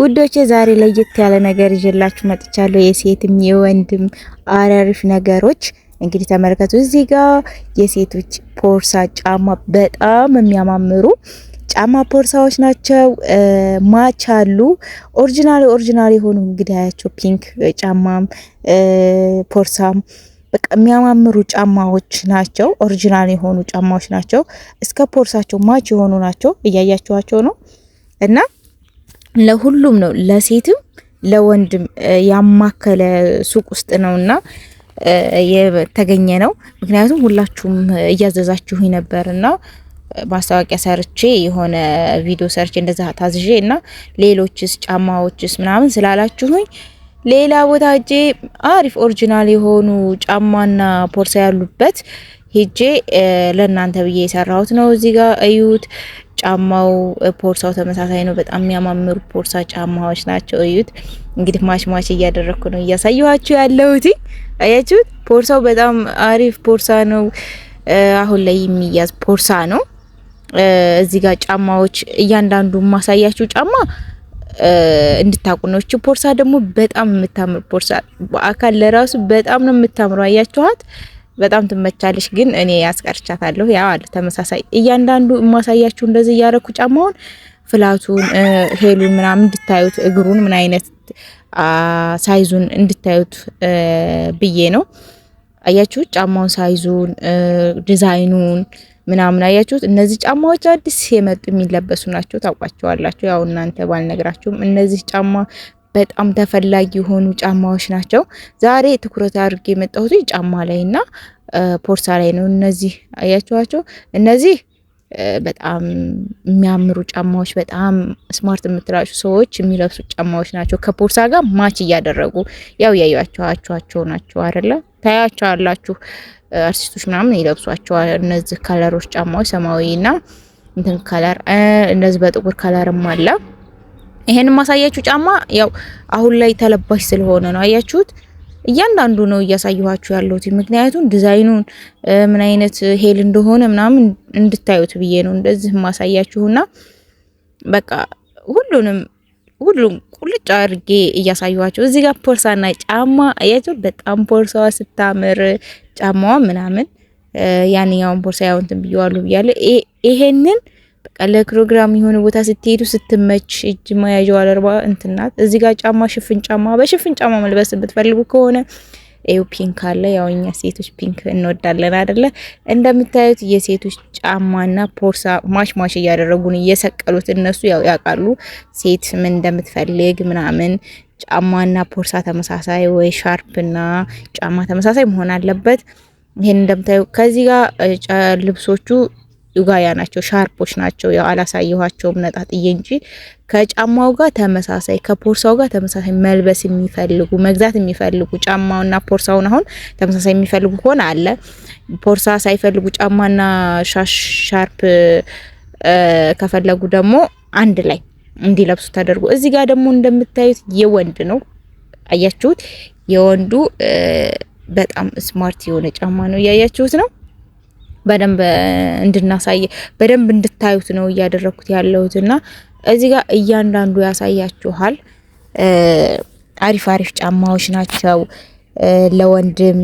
ውዶቼ ዛሬ ለየት ያለ ነገር ይዤላችሁ መጥቻለሁ። የሴትም የወንድም አሪፍ ነገሮች እንግዲህ ተመልከቱ። እዚህ ጋር የሴቶች ፖርሳ ጫማ በጣም የሚያማምሩ ጫማ ፖርሳዎች ናቸው። ማች አሉ። ኦሪጂናል ኦሪጂናል የሆኑ እንግዲህ ያቸው ፒንክ ጫማም ቦርሳም በቃ የሚያማምሩ ጫማዎች ናቸው። ኦሪጂናል የሆኑ ጫማዎች ናቸው። እስከ ፖርሳቸው ማች የሆኑ ናቸው። እያያችኋቸው ነው እና ለሁሉም ነው ለሴትም ለወንድም ያማከለ ሱቅ ውስጥ ነውና የተገኘ ነው። ምክንያቱም ሁላችሁም እያዘዛችሁ ነበርና ማስታወቂያ ሰርቼ የሆነ ቪዲዮ ሰርቼ እንደዛ ታዝዤ እና ሌሎችስ ጫማዎችስ ምናምን ስላላችሁኝ ሌላ ቦታ እጄ አሪፍ ኦሪጂናል የሆኑ ጫማና ፖርሳ ያሉበት ሄጄ ለእናንተ ብዬ የሰራሁት ነው። እዚህ ጋር እዩት። ጫማው ፖርሳው ተመሳሳይ ነው። በጣም የሚያማምሩ ፖርሳ ጫማዎች ናቸው። እዩት እንግዲህ ማች ማች እያደረግኩ ነው እያሳየኋችሁ ያለሁት። አያችሁት? ፖርሳው በጣም አሪፍ ፖርሳ ነው። አሁን ላይ የሚያዝ ፖርሳ ነው። እዚህ ጋር ጫማዎች እያንዳንዱ ማሳያችሁ ጫማ እንድታቁኖች ፖርሳ ደግሞ በጣም የምታምር ፖርሳ በአካል ለራሱ በጣም ነው የምታምረው። አያችኋት? በጣም ትመቻለች። ግን እኔ ያስቀርቻታለሁ። ያው አለ ተመሳሳይ እያንዳንዱ የማሳያችሁ እንደዚህ እያረኩ ጫማውን ፍላቱን ሄሉን ምናምን እንድታዩት እግሩን ምን አይነት ሳይዙን እንድታዩት ብዬ ነው። አያችሁት? ጫማውን ሳይዙን ዲዛይኑን ምናምን አያችሁት? እነዚህ ጫማዎች አዲስ የመጡ የሚለበሱ ናቸው። ታውቋቸዋላችሁ። ያው እናንተ ባልነግራችሁም እነዚህ ጫማ በጣም ተፈላጊ የሆኑ ጫማዎች ናቸው። ዛሬ ትኩረት አድርጌ የመጣሁት ጫማ ላይ እና ፖርሳ ላይ ነው። እነዚህ አያችኋቸው፣ እነዚህ በጣም የሚያምሩ ጫማዎች፣ በጣም ስማርት የምትላቸው ሰዎች የሚለብሱ ጫማዎች ናቸው። ከፖርሳ ጋር ማች እያደረጉ ያው ያያችኋቸው ናቸው አይደለ? ታያቸዋላችሁ። አርቲስቶች ምናምን ይለብሷቸዋል። እነዚህ ከለሮች ጫማዎች ሰማያዊና እንትን ከለር፣ እነዚህ በጥቁር ከለርም አለ ይሄን ማሳያችሁ ጫማ ያው አሁን ላይ ተለባሽ ስለሆነ ነው። አያችሁት? እያንዳንዱ ነው እያሳየኋችሁ ያለሁት ምክንያቱም ዲዛይኑን ምን አይነት ሄል እንደሆነ ምናምን እንድታዩት ብዬ ነው እንደዚህ ማሳያችሁና በቃ ሁሉንም ሁሉም ቁልጭ አድርጌ እያሳየኋቸው እዚህ ጋር ፖርሳና ጫማ አያችሁ። በጣም ፖርሳዋ ስታምር ጫማዋ ምናምን ያንኛውን ፖርሳ ያውንትን እንትን ብያለ ይሄንን በቃ ለፕሮግራም የሆነ ቦታ ስትሄዱ ስትመች እጅ መያዣው አለርባ እንትናት እዚህ ጋር ጫማ ሽፍን ጫማ በሽፍን ጫማ መልበስ የምትፈልጉ ከሆነ ይው ፒንክ አለ። ያው እኛ ሴቶች ፒንክ እንወዳለን አደለ? እንደምታዩት የሴቶች ጫማና ፖርሳ ማሽ ማሽ እያደረጉን እየሰቀሉት እነሱ ያው ያውቃሉ ሴት ምን እንደምትፈልግ ምናምን። ጫማና ፖርሳ ተመሳሳይ ወይ ሻርፕና ጫማ ተመሳሳይ መሆን አለበት። ይህን እንደምታዩ ከዚህ ጋር ልብሶቹ ዩጋያ ናቸው፣ ሻርፖች ናቸው። ያው አላሳየኋቸውም ነጣጥዬ እንጂ ከጫማው ጋር ተመሳሳይ ከፖርሳው ጋር ተመሳሳይ መልበስ የሚፈልጉ መግዛት የሚፈልጉ ጫማውና ፖርሳውን አሁን ተመሳሳይ የሚፈልጉ ከሆነ አለ ፖርሳ ሳይፈልጉ ጫማና ሻርፕ ከፈለጉ ደግሞ አንድ ላይ እንዲለብሱ ተደርጎ እዚህ ጋር ደግሞ እንደምታዩት የወንድ ነው። አያችሁት? የወንዱ በጣም ስማርት የሆነ ጫማ ነው። እያያችሁት ነው። በደንብ እንድናሳይ በደንብ እንድታዩት ነው እያደረኩት ያለሁት እና እዚህ ጋር እያንዳንዱ ያሳያችኋል። አሪፍ አሪፍ ጫማዎች ናቸው። ለወንድም፣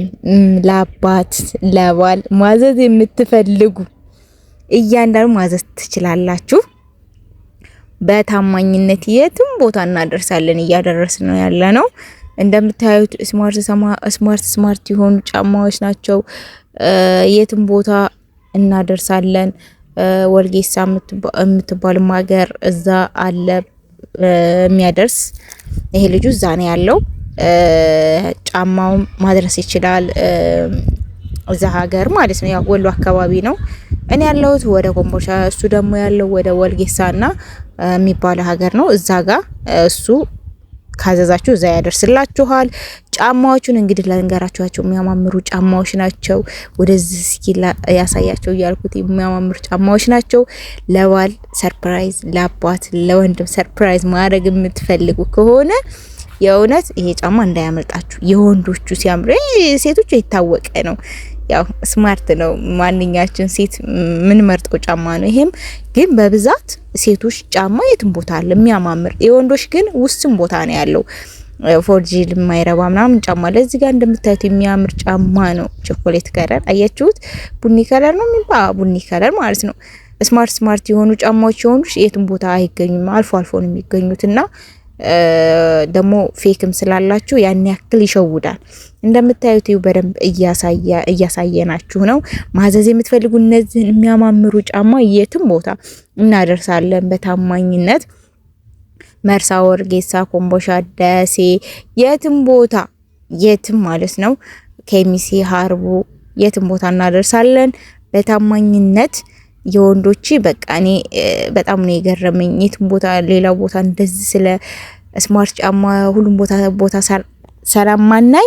ለአባት፣ ለባል ማዘዝ የምትፈልጉ እያንዳንዱ ማዘዝ ትችላላችሁ። በታማኝነት የትም ቦታ እናደርሳለን። እያደረስ ነው ያለ ነው። እንደምታዩት ስማርት ስማርት ስማርት የሆኑ ጫማዎች ናቸው። የትም ቦታ እናደርሳለን። ወልጌሳ የምትባል ሀገር እዛ አለ የሚያደርስ ይሄ ልጁ እዛ ነው ያለው። ጫማውን ማድረስ ይችላል እዛ ሀገር ማለት ነው። ያው ወሎ አካባቢ ነው እኔ ያለሁት ወደ ኮምቦልቻ፣ እሱ ደግሞ ያለው ወደ ወልጌሳና የሚባለ ሀገር ነው እዛ ጋር እሱ ካዘዛችሁ እዛ ያደርስላችኋል። ጫማዎቹን እንግዲህ ለንገራችኋቸው የሚያማምሩ ጫማዎች ናቸው። ወደዚህ እስኪ ያሳያቸው እያልኩት የሚያማምሩ ጫማዎች ናቸው። ለባል ሰርፕራይዝ፣ ለአባት ለወንድም ሰርፕራይዝ ማድረግ የምትፈልጉ ከሆነ የእውነት ይሄ ጫማ እንዳያመልጣችሁ። የወንዶቹ ሲያምር፣ ሴቶቹ የታወቀ ነው ያው ስማርት ነው። ማንኛችን ሴት ምን መርጠው ጫማ ነው። ይሄም ግን በብዛት ሴቶች ጫማ የትም ቦታ አለ የሚያማምር፣ የወንዶች ግን ውስን ቦታ ነው ያለው። ፎርጂ የማይረባ ምናምን ጫማ አለ። እዚህ ጋር እንደምታዩት የሚያምር ጫማ ነው። ቸኮሌት ከለር አያችሁት? ቡኒ ከለር ነው የሚባ ቡኒ ከለር ማለት ነው። ስማርት ስማርት የሆኑ ጫማዎች የሆኑ የትም ቦታ አይገኙም። አልፎ አልፎ ነው የሚገኙት እና ደግሞ ፌክም ስላላችሁ ያን ያክል ይሸውዳል። እንደምታዩት ዩ በደንብ እያሳየናችሁ ነው። ማዘዝ የምትፈልጉ እነዚህን የሚያማምሩ ጫማ የትም ቦታ እናደርሳለን በታማኝነት መርሳ፣ ወርጌሳ፣ ኮምቦሻ፣ ደሴ የትም ቦታ የትም ማለት ነው። ኬሚሴ ሀርቡ የትም ቦታ እናደርሳለን በታማኝነት የወንዶች በቃ እኔ በጣም ነው የገረመኝ። የትም ቦታ ሌላ ቦታ እንደዚህ ስለ ስማርት ጫማ ሁሉም ቦታ ቦታ ሰላማናይ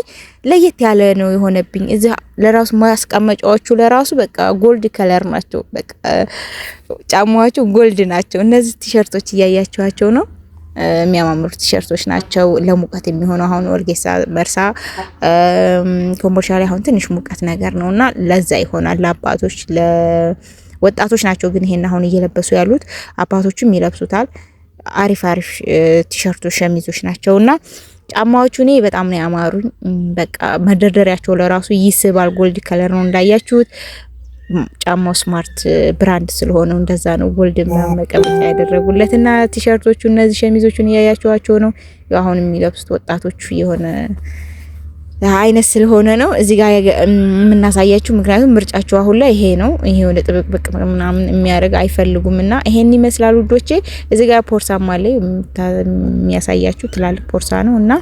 ለየት ያለ ነው የሆነብኝ። እዚ ለራሱ ማስቀመጫዎቹ ለራሱ በቃ ጎልድ ከለር ናቸው። በቃ ጫማዎቹ ጎልድ ናቸው። እነዚህ ቲሸርቶች እያያቸዋቸው ነው የሚያማምሩ ቲሸርቶች ናቸው። ለሙቀት የሚሆኑ አሁን ወልጌሳ መርሳ ኮምቦልቻ ላይ አሁን ትንሽ ሙቀት ነገር እና ለዛ ይሆናል ለአባቶች ወጣቶች ናቸው ግን ይሄን አሁን እየለበሱ ያሉት አባቶችም ይለብሱታል። አሪፍ አሪፍ ቲሸርቶች ሸሚዞች ናቸውና ጫማዎቹ እኔ በጣም ነው ያማሩኝ። በቃ መደርደሪያቸው ለራሱ ይስባል። ጎልድ ከለር ነው እንዳያችሁት። ጫማው ስማርት ብራንድ ስለሆነ እንደዛ ነው ጎልድ መቀመጫ ያደረጉለት እና ቲሸርቶቹ እነዚህ ሸሚዞቹን እያያችኋቸው ነው አሁን የሚለብሱት ወጣቶቹ የሆነ አይነት ስለሆነ ነው እዚህ ጋር የምናሳያችሁ። ምክንያቱም ምርጫችሁ አሁን ላይ ይሄ ነው። ይሄ ወደ ጥብቅብቅ ምናምን የሚያደርግ አይፈልጉም እና ይሄን ይመስላል ውዶቼ። እዚህ ጋር ፖርሳም አለ የሚያሳያችሁ፣ ትላልቅ ፖርሳ ነው እና